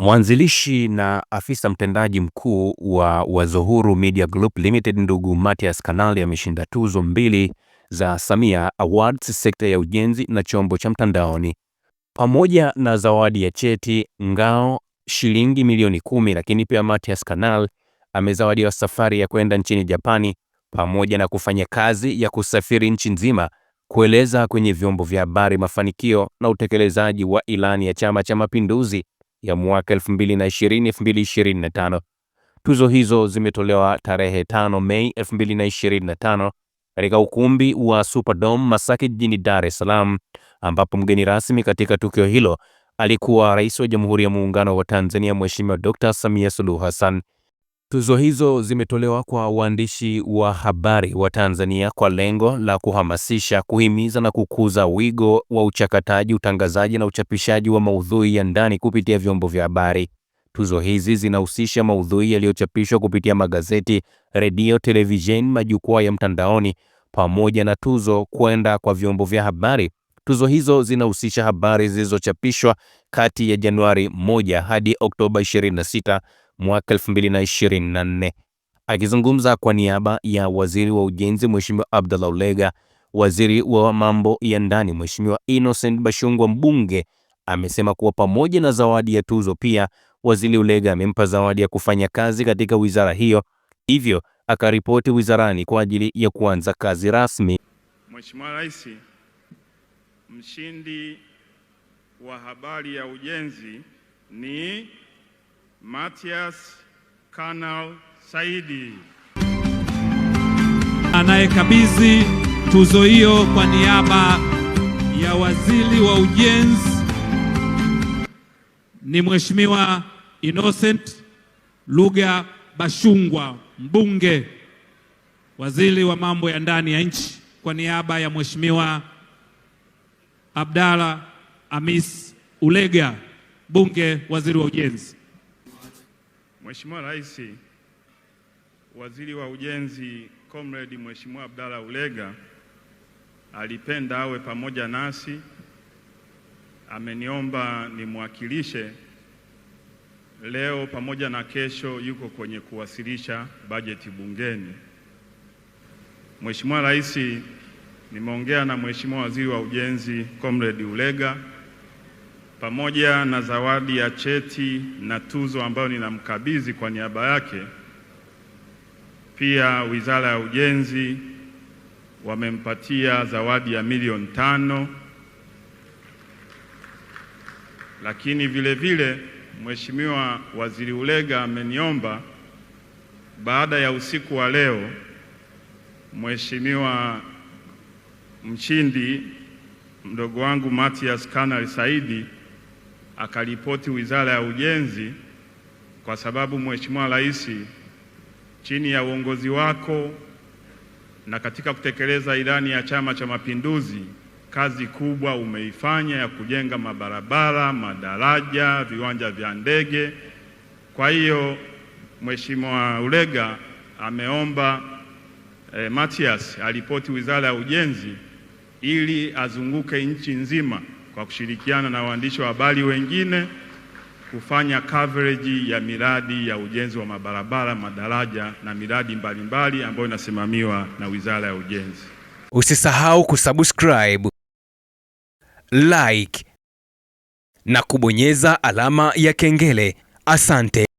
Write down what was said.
Mwanzilishi na afisa mtendaji mkuu wa Wazo Huru Media Group Limited, ndugu Matias Kanali ameshinda tuzo mbili za Samia Awards sekta ya ujenzi na chombo cha mtandaoni pamoja na zawadi ya cheti ngao shilingi milioni kumi. Lakini pia matias Canal amezawadiwa safari ya kwenda nchini Japani pamoja na kufanya kazi ya kusafiri nchi nzima kueleza kwenye vyombo vya habari mafanikio na utekelezaji wa ilani ya Chama cha Mapinduzi ya mwaka 2020 2025. Tuzo hizo zimetolewa tarehe 5 Mei 2025 katika ukumbi wa Superdome Masaki jijini Dar es Salaam, ambapo mgeni rasmi katika tukio hilo alikuwa Rais wa Jamhuri ya Muungano wa Tanzania Mheshimiwa Dr. Samia Suluhu Hassan. Tuzo hizo zimetolewa kwa waandishi wa habari wa Tanzania kwa lengo la kuhamasisha, kuhimiza na kukuza wigo wa uchakataji, utangazaji na uchapishaji wa maudhui ya ndani kupitia vyombo vya habari. Tuzo hizi zinahusisha maudhui yaliyochapishwa kupitia magazeti, redio, televisheni, majukwaa ya mtandaoni pamoja na tuzo kwenda kwa vyombo vya habari. Tuzo hizo zinahusisha habari zilizochapishwa kati ya Januari 1 hadi Oktoba 26 mwaka 2024. Akizungumza kwa niaba ya Waziri wa Ujenzi Mheshimiwa Abdallah Ulega, Waziri wa Mambo ya Ndani Mheshimiwa Innocent Bashungwa Mbunge amesema kuwa pamoja na zawadi ya tuzo, pia Waziri Ulega amempa zawadi ya kufanya kazi katika wizara hiyo, hivyo akaripoti wizarani kwa ajili ya kuanza kazi rasmi. Mheshimiwa Rais, mshindi wa habari ya ujenzi ni matias Kanal Saidi. Anayekabidhi tuzo hiyo kwa niaba ya Waziri wa Ujenzi ni Mheshimiwa Innocent Lugha Bashungwa, mbunge, Waziri wa Mambo ya Ndani ya Nchi, kwa niaba ya Mheshimiwa Abdalla Amis Ulega, mbunge, Waziri wa Ujenzi. Mheshimiwa Rais, Waziri wa Ujenzi Comrade Mheshimiwa Abdalla Ulega alipenda awe pamoja nasi, ameniomba nimwakilishe leo pamoja na kesho, yuko kwenye kuwasilisha bajeti bungeni. Mheshimiwa Rais, nimeongea na Mheshimiwa Waziri wa Ujenzi Comrade Ulega pamoja na zawadi ya cheti na tuzo ambayo ninamkabidhi kwa niaba yake. Pia Wizara ya Ujenzi wamempatia zawadi ya milioni tano, lakini vile vile Mheshimiwa Waziri Ulega ameniomba baada ya usiku wa leo Mheshimiwa mshindi mdogo wangu matias Kanali Saidi akaripoti Wizara ya Ujenzi, kwa sababu Mheshimiwa Rais, chini ya uongozi wako na katika kutekeleza ilani ya Chama cha Mapinduzi, kazi kubwa umeifanya ya kujenga mabarabara, madaraja, viwanja vya ndege. Kwa hiyo Mheshimiwa Ulega ameomba eh, Matias alipoti Wizara ya Ujenzi ili azunguke nchi nzima kwa kushirikiana na waandishi wa habari wengine kufanya coverage ya miradi ya ujenzi wa mabarabara, madaraja na miradi mbalimbali ambayo inasimamiwa na Wizara ya Ujenzi. Usisahau kusubscribe, like na kubonyeza alama ya kengele. Asante.